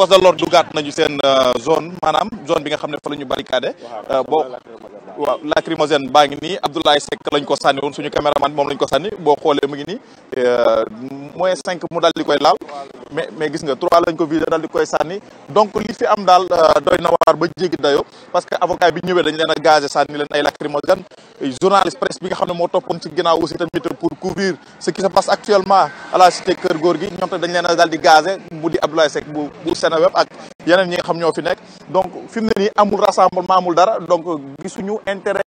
force de l'ordre dugaat nañu seen euh, zone maanaam zone bi nga xam ne fa la ñu barricadé euh, boo waaw lacrymogène baa ngi nii Abdoulaye Seck lañ ko sànni woon suñu caméraman moom lañ ko sànni boo xoolee mu ngi nii euh, cinq mu daal di koy laal mais mais gis nga trois lañ ko vidé daal di koy sànni donc li fi am daal euh, doy na ba jéggi parce que avocat bi ñëwee dañ leen a gazé sànni leen ay lacrymogène journaliste presse bi nga xam ne moo toppoon ci ginnaaw aussi tamit pour couvrir ce qui se passe actuellement à cité Kër Gorgui ñoom tamit dañ leen a di gazé bu di Abdoulaye Seck bu bu Seneweb ak yeneen ñi xam ñoo fi nekk donc fi ne nii amul rassemblement amul dara donc gisuñu intérêt